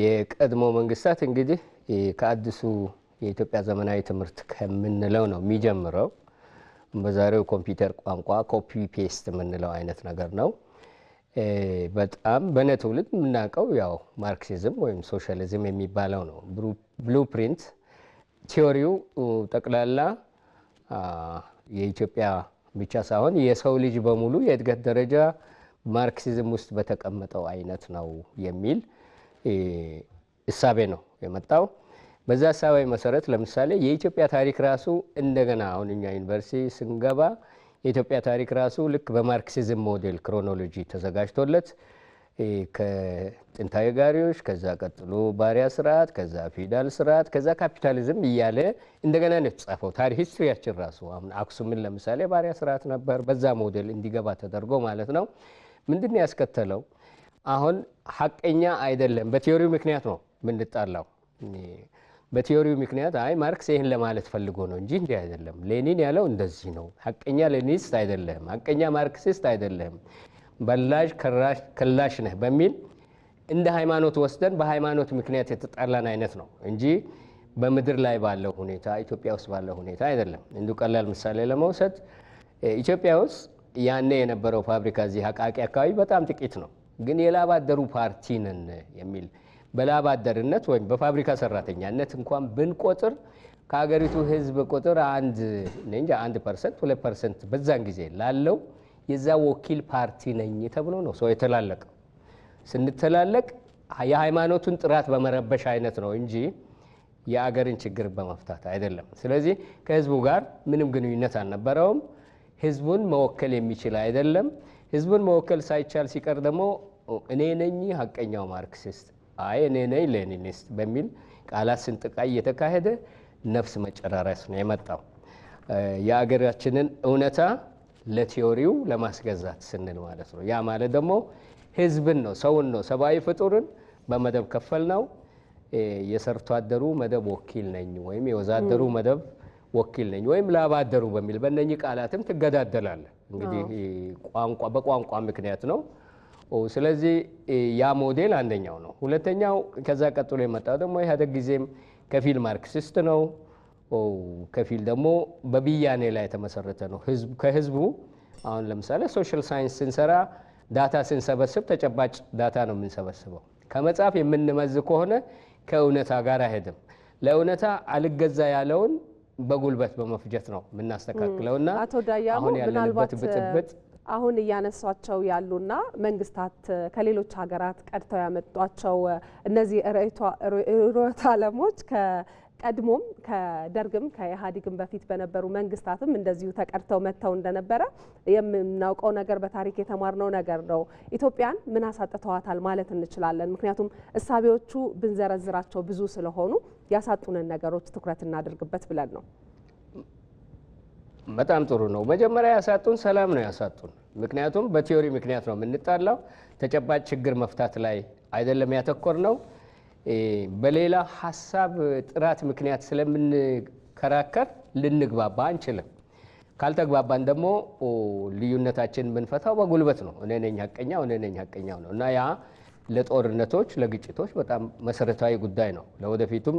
የቀድሞ መንግስታት እንግዲህ ከአዲሱ የኢትዮጵያ ዘመናዊ ትምህርት ከምንለው ነው የሚጀምረው። በዛሬው ኮምፒውተር ቋንቋ ኮፒ ፔስት የምንለው አይነት ነገር ነው። በጣም በነ ትውልድ የምናውቀው ያው ማርክሲዝም ወይም ሶሻሊዝም የሚባለው ነው። ብሉፕሪንት ቲዮሪው ጠቅላላ የኢትዮጵያ ብቻ ሳይሆን የሰው ልጅ በሙሉ የእድገት ደረጃ ማርክሲዝም ውስጥ በተቀመጠው አይነት ነው የሚል እሳቤ ነው የመጣው። በዛ እሳቤ መሰረት ለምሳሌ የኢትዮጵያ ታሪክ ራሱ እንደገና አሁን እኛ ዩኒቨርሲቲ ስንገባ የኢትዮጵያ ታሪክ ራሱ ልክ በማርክሲዝም ሞዴል ክሮኖሎጂ ተዘጋጅቶለት ከጥንታዊ ጋሪዎች፣ ከዛ ቀጥሎ ባሪያ ስርዓት፣ ከዛ ፊውዳል ስርዓት፣ ከዛ ካፒታሊዝም እያለ እንደገና ነው የተጻፈው ታሪክ ሂስትሪያችን ራሱ። አሁን አክሱምን ለምሳሌ ባሪያ ስርዓት ነበር፣ በዛ ሞዴል እንዲገባ ተደርጎ ማለት ነው። ምንድን ነው ያስከተለው? አሁን ሀቀኛ አይደለም። በቴዎሪው ምክንያት ነው የምንጣላው። በቴዎሪው ምክንያት አይ ማርክስ ይህን ለማለት ፈልጎ ነው እንጂ እንዲህ አይደለም፣ ሌኒን ያለው እንደዚህ ነው። ሀቀኛ ሌኒኒስት አይደለም፣ ሀቀኛ ማርክሲስት አይደለም፣ በላሽ ከላሽ ነህ በሚል እንደ ሃይማኖት ወስደን በሃይማኖት ምክንያት የተጣላን አይነት ነው እንጂ በምድር ላይ ባለው ሁኔታ ኢትዮጵያ ውስጥ ባለው ሁኔታ አይደለም። እንዲሁ ቀላል ምሳሌ ለመውሰድ ኢትዮጵያ ውስጥ ያኔ የነበረው ፋብሪካ እዚህ አቃቂ አካባቢ በጣም ጥቂት ነው። ግን የላባደሩ ፓርቲ ነን የሚል በላባደርነት ወይም በፋብሪካ ሰራተኛነት እንኳን ብንቆጥር ከሀገሪቱ ህዝብ ቁጥር አንድ እንጂ አንድ ፐርሰንት ሁለት ፐርሰንት በዛን ጊዜ ላለው የዛ ወኪል ፓርቲ ነኝ ተብሎ ነው ሰው የተላለቀው። ስንተላለቅ የሃይማኖቱን ጥራት በመረበሽ አይነት ነው እንጂ የአገርን ችግር በመፍታት አይደለም። ስለዚህ ከህዝቡ ጋር ምንም ግንኙነት አልነበረውም። ህዝቡን መወከል የሚችል አይደለም። ህዝቡን መወከል ሳይቻል ሲቀር ደግሞ እኔ ነኝ ሀቀኛው ማርክሲስት፣ አይ እኔ ነኝ ሌኒኒስት በሚል ቃላት ስንጥቃ እየተካሄደ ነፍስ መጨራረስ ነው የመጣው። የአገራችንን እውነታ ለቲዮሪው ለማስገዛት ስንል ማለት ነው። ያ ማለት ደግሞ ህዝብን ነው፣ ሰውን ነው፣ ሰብአዊ ፍጡርን በመደብ ከፈል ነው። የሰርቶ አደሩ መደብ ወኪል ነኝ ወይም የወዛደሩ መደብ ወኪል ነኝ ወይም ላባደሩ በሚል በእነኚህ ቃላትም ትገዳደላለ። እንግዲህ በቋንቋ ምክንያት ነው። ስለዚህ ያ ሞዴል አንደኛው ነው። ሁለተኛው ከዛ ቀጥሎ የመጣው ደግሞ ኢህአዴግ ጊዜም ከፊል ማርክሲስት ነው፣ ከፊል ደግሞ በብያኔ ላይ የተመሰረተ ነው። ከህዝቡ አሁን ለምሳሌ ሶሻል ሳይንስ ስንሰራ ዳታ ስንሰበስብ ተጨባጭ ዳታ ነው የምንሰበስበው። ከመጽሐፍ የምንመዝ ከሆነ ከእውነታ ጋር አይሄድም። ለእውነታ አልገዛ ያለውን በጉልበት በመፍጀት ነው የምናስተካክለውና አሁን ያለንበት ብጥብጥ አሁን እያነሷቸው ያሉና መንግስታት ከሌሎች ሀገራት ቀድተው ያመጧቸው እነዚህ ርዕዮተ ዓለሞች ቀድሞም ከደርግም ከኢህአዴግም በፊት በነበሩ መንግስታትም እንደዚሁ ተቀድተው መጥተው እንደነበረ የምናውቀው ነገር በታሪክ የተማርነው ነገር ነው። ኢትዮጵያን ምን አሳጥተዋታል ማለት እንችላለን? ምክንያቱም እሳቤዎቹ ብንዘረዝራቸው ብዙ ስለሆኑ ያሳጡንን ነገሮች ትኩረት እናድርግበት ብለን ነው። በጣም ጥሩ ነው። መጀመሪያ ያሳጡን ሰላም ነው ያሳጡን። ምክንያቱም በቲዮሪ ምክንያት ነው የምንጣላው። ተጨባጭ ችግር መፍታት ላይ አይደለም ያተኮር ነው። በሌላ ሀሳብ ጥራት ምክንያት ስለምንከራከር ልንግባባ አንችልም። ካልተግባባን ደግሞ ልዩነታችን የምንፈታው በጉልበት ነው። እኔ ነኝ ሀቀኛው፣ እኔ ነኝ ሀቀኛው ነው እና ያ ለጦርነቶች፣ ለግጭቶች በጣም መሰረታዊ ጉዳይ ነው። ለወደፊቱም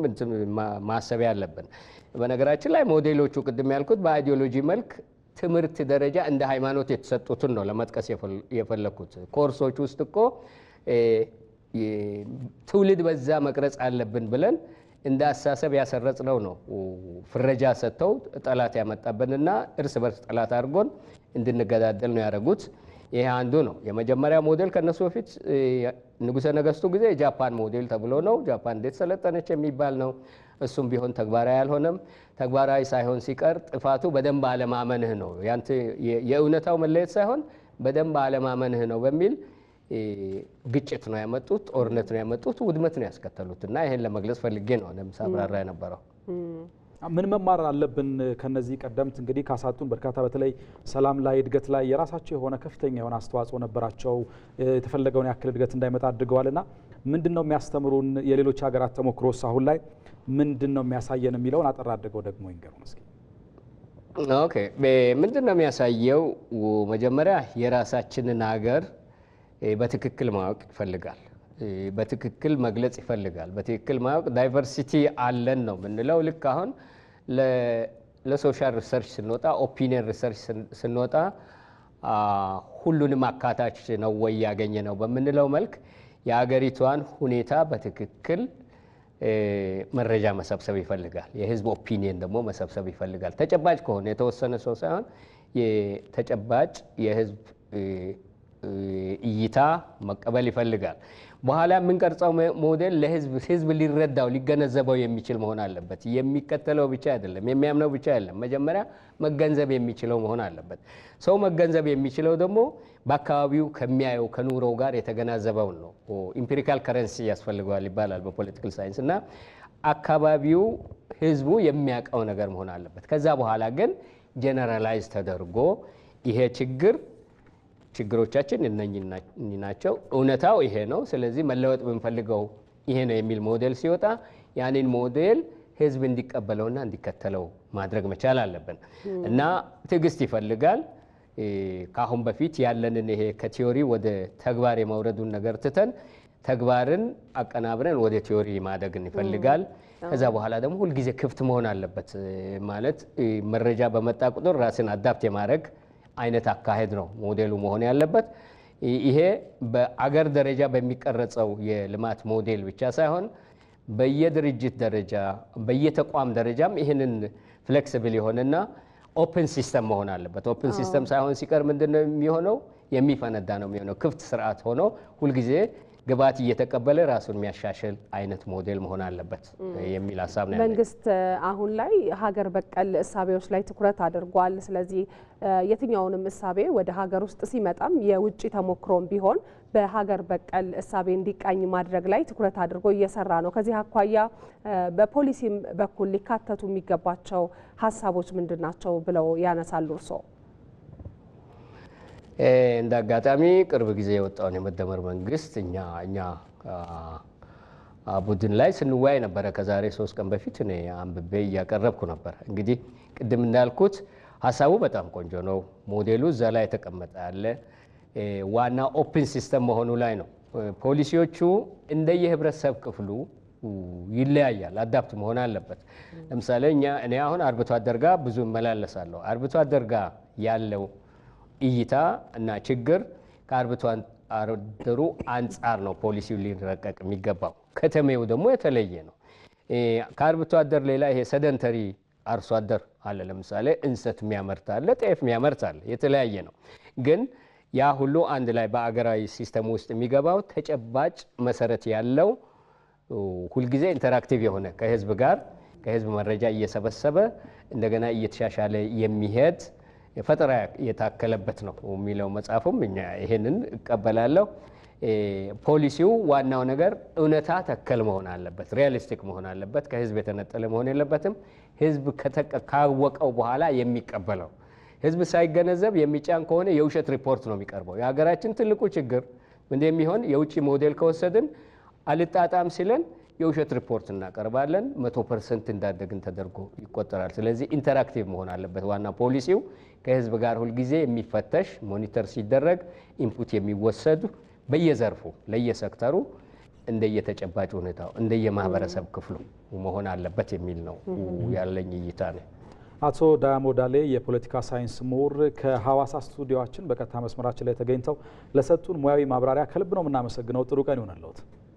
ማሰቢያ አለብን። በነገራችን ላይ ሞዴሎቹ ቅድም ያልኩት በአይዲዮሎጂ መልክ ትምህርት ደረጃ እንደ ሃይማኖት የተሰጡትን ነው ለመጥቀስ የፈለኩት። ኮርሶች ውስጥ እኮ ትውልድ በዛ መቅረጽ አለብን ብለን እንደ አሳሰብ ያሰረጽነው ነው ፍረጃ ሰጥተው ጠላት ያመጣብንና እርስ በርስ ጠላት አድርጎን እንድንገዳደል ነው ያደረጉት። ይሄ አንዱ ነው። የመጀመሪያ ሞዴል ከነሱ በፊት ንጉሰ ነገስቱ ጊዜ የጃፓን ሞዴል ተብሎ ነው። ጃፓን እንዴት ሰለጠነች የሚባል ነው። እሱም ቢሆን ተግባራዊ አልሆነም። ተግባራዊ ሳይሆን ሲቀር ጥፋቱ በደንብ አለማመንህ ነው። የእውነታው መለየት ሳይሆን በደንብ አለማመንህ ነው በሚል ግጭት ነው ያመጡት፣ ጦርነት ነው ያመጡት፣ ውድመት ነው ያስከተሉት እና ይህን ለመግለጽ ፈልጌ ነው ለምሳ አብራራ የነበረው ምን መማር አለብን? ከነዚህ ቀደምት እንግዲህ ካሳጡን በርካታ በተለይ ሰላም ላይ እድገት ላይ የራሳቸው የሆነ ከፍተኛ የሆነ አስተዋጽኦ ነበራቸው። የተፈለገውን ያክል እድገት እንዳይመጣ ና ምንድን ነው የሚያስተምሩን? የሌሎች ሀገራት ተሞክሮስ አሁን ላይ ምንድን ነው የሚያሳየን የሚለውን አጠር አድርገው ደግሞ ይንገሩ እስኪ። ምንድን ነው የሚያሳየው? መጀመሪያ የራሳችንን ሀገር በትክክል ማወቅ ይፈልጋል። በትክክል መግለጽ ይፈልጋል። በትክክል ማወቅ ዳይቨርሲቲ አለን ነው የምንለው። ልክ አሁን ለሶሻል ሪሰርች ስንወጣ፣ ኦፒኒየን ሪሰርች ስንወጣ ሁሉንም አካታች ነው ወይ ያገኘ ነው በምንለው መልክ የሀገሪቷን ሁኔታ በትክክል መረጃ መሰብሰብ ይፈልጋል። የህዝብ ኦፒኒየን ደግሞ መሰብሰብ ይፈልጋል። ተጨባጭ ከሆነ የተወሰነ ሰው ሳይሆን ተጨባጭ የህዝብ እይታ መቀበል ይፈልጋል። በኋላ የምንቀርጸው ሞዴል ለህዝብ ህዝብ ሊረዳው ሊገነዘበው የሚችል መሆን አለበት። የሚከተለው ብቻ አይደለም፣ የሚያምነው ብቻ አይደለም። መጀመሪያ መገንዘብ የሚችለው መሆን አለበት። ሰው መገንዘብ የሚችለው ደግሞ በአካባቢው ከሚያየው ከኑሮው ጋር የተገናዘበውን ነው። ኢምፒሪካል ከረንሲ ያስፈልገዋል ይባላል በፖለቲካል ሳይንስ እና አካባቢው ህዝቡ የሚያውቀው ነገር መሆን አለበት። ከዛ በኋላ ግን ጀነራላይዝ ተደርጎ ይሄ ችግር ችግሮቻችን እነኝ ናቸው፣ እውነታው ይሄ ነው፣ ስለዚህ መለወጥ ብንፈልገው ይሄ ነው የሚል ሞዴል ሲወጣ ያንን ሞዴል ህዝብ እንዲቀበለውና እንዲከተለው ማድረግ መቻል አለብን እና ትዕግስት ይፈልጋል። ከአሁን በፊት ያለንን ይሄ ከቲዮሪ ወደ ተግባር የመውረዱን ነገር ትተን ተግባርን አቀናብረን ወደ ቲዮሪ ማደግን ይፈልጋል። ከዛ በኋላ ደግሞ ሁልጊዜ ክፍት መሆን አለበት ማለት መረጃ በመጣ ቁጥር ራስን አዳፕት የማድረግ አይነት አካሄድ ነው ሞዴሉ መሆን ያለበት። ይሄ በአገር ደረጃ በሚቀረጸው የልማት ሞዴል ብቻ ሳይሆን በየድርጅት ደረጃ በየተቋም ደረጃም ይህንን ፍሌክስብል የሆነና ኦፕን ሲስተም መሆን አለበት። ኦፕን ሲስተም ሳይሆን ሲቀር ምንድን ነው የሚሆነው? የሚፈነዳ ነው የሚሆነው። ክፍት ስርዓት ሆኖ ሁልጊዜ ግብዓት እየተቀበለ ራሱን የሚያሻሽል አይነት ሞዴል መሆን አለበት የሚል ሀሳብ ነው። መንግስት አሁን ላይ ሀገር በቀል እሳቤዎች ላይ ትኩረት አድርጓል። ስለዚህ የትኛውንም እሳቤ ወደ ሀገር ውስጥ ሲመጣም የውጭ ተሞክሮም ቢሆን በሀገር በቀል እሳቤ እንዲቃኝ ማድረግ ላይ ትኩረት አድርጎ እየሰራ ነው። ከዚህ አኳያ በፖሊሲም በኩል ሊካተቱ የሚገባቸው ሀሳቦች ምንድን ናቸው ብለው ያነሳሉ እርስዎ? እንደ አጋጣሚ ቅርብ ጊዜ የወጣውን የመደመር መንግስት እኛ እኛ ቡድን ላይ ስንወያይ ነበረ። ከዛሬ ሶስት ቀን በፊት እኔ አንብቤ እያቀረብኩ ነበር። እንግዲህ ቅድም እንዳልኩት ሀሳቡ በጣም ቆንጆ ነው። ሞዴሉ እዛ ላይ የተቀመጠ ያለ ዋና ኦፕን ሲስተም መሆኑ ላይ ነው። ፖሊሲዎቹ እንደየህብረተሰብ ክፍሉ ይለያያል። አዳፕት መሆን አለበት። ለምሳሌ እኛ እኔ አሁን አርብቶ አደርጋ ብዙ እመላለሳለሁ። አርብቶ አደርጋ ያለው እይታ እና ችግር ከአርብቶ አደሩ አንጻር ነው ፖሊሲው ሊረቀቅ የሚገባው። ከተሜው ደግሞ የተለየ ነው። ከአርብቶ አደር ሌላ ይሄ ሰደንተሪ አርሶ አደር አለ። ለምሳሌ እንሰት የሚያመርት አለ፣ ጤፍ የሚያመርት አለ። የተለያየ ነው ግን ያ ሁሉ አንድ ላይ በአገራዊ ሲስተም ውስጥ የሚገባው ተጨባጭ መሰረት ያለው ሁልጊዜ ኢንተራክቲቭ የሆነ ከህዝብ ጋር ከህዝብ መረጃ እየሰበሰበ እንደገና እየተሻሻለ የሚሄድ ፈጠራ የታከለበት ነው የሚለው መጽሐፉም እኛ ይሄንን እቀበላለሁ። ፖሊሲው ዋናው ነገር እውነታ ተከል መሆን አለበት፣ ሪያሊስቲክ መሆን አለበት። ከህዝብ የተነጠለ መሆን የለበትም። ህዝብ ካወቀው በኋላ የሚቀበለው ህዝብ ሳይገነዘብ የሚጫን ከሆነ የውሸት ሪፖርት ነው የሚቀርበው። የሀገራችን ትልቁ ችግር እንደሚሆን የውጭ ሞዴል ከወሰድን አልጣጣም ሲለን የውሸት ሪፖርት እናቀርባለን። መቶ ፐርሰንት እንዳደግን ተደርጎ ይቆጠራል። ስለዚህ ኢንተራክቲቭ መሆን አለበት። ዋና ፖሊሲው ከህዝብ ጋር ሁልጊዜ የሚፈተሽ ሞኒተር ሲደረግ ኢንፑት የሚወሰዱ በየዘርፉ ለየሰክተሩ እንደየተጨባጭ ሁኔታው እንደየማህበረሰብ ክፍሉ መሆን አለበት የሚል ነው ያለኝ እይታ ነው። አቶ ዳያሞ ዳሌ የፖለቲካ ሳይንስ ምሁር ከሀዋሳ ስቱዲዮችን በቀጥታ መስመራችን ላይ ተገኝተው ለሰጡን ሙያዊ ማብራሪያ ከልብ ነው የምናመሰግነው። ጥሩ ቀን ይሆነልዎት።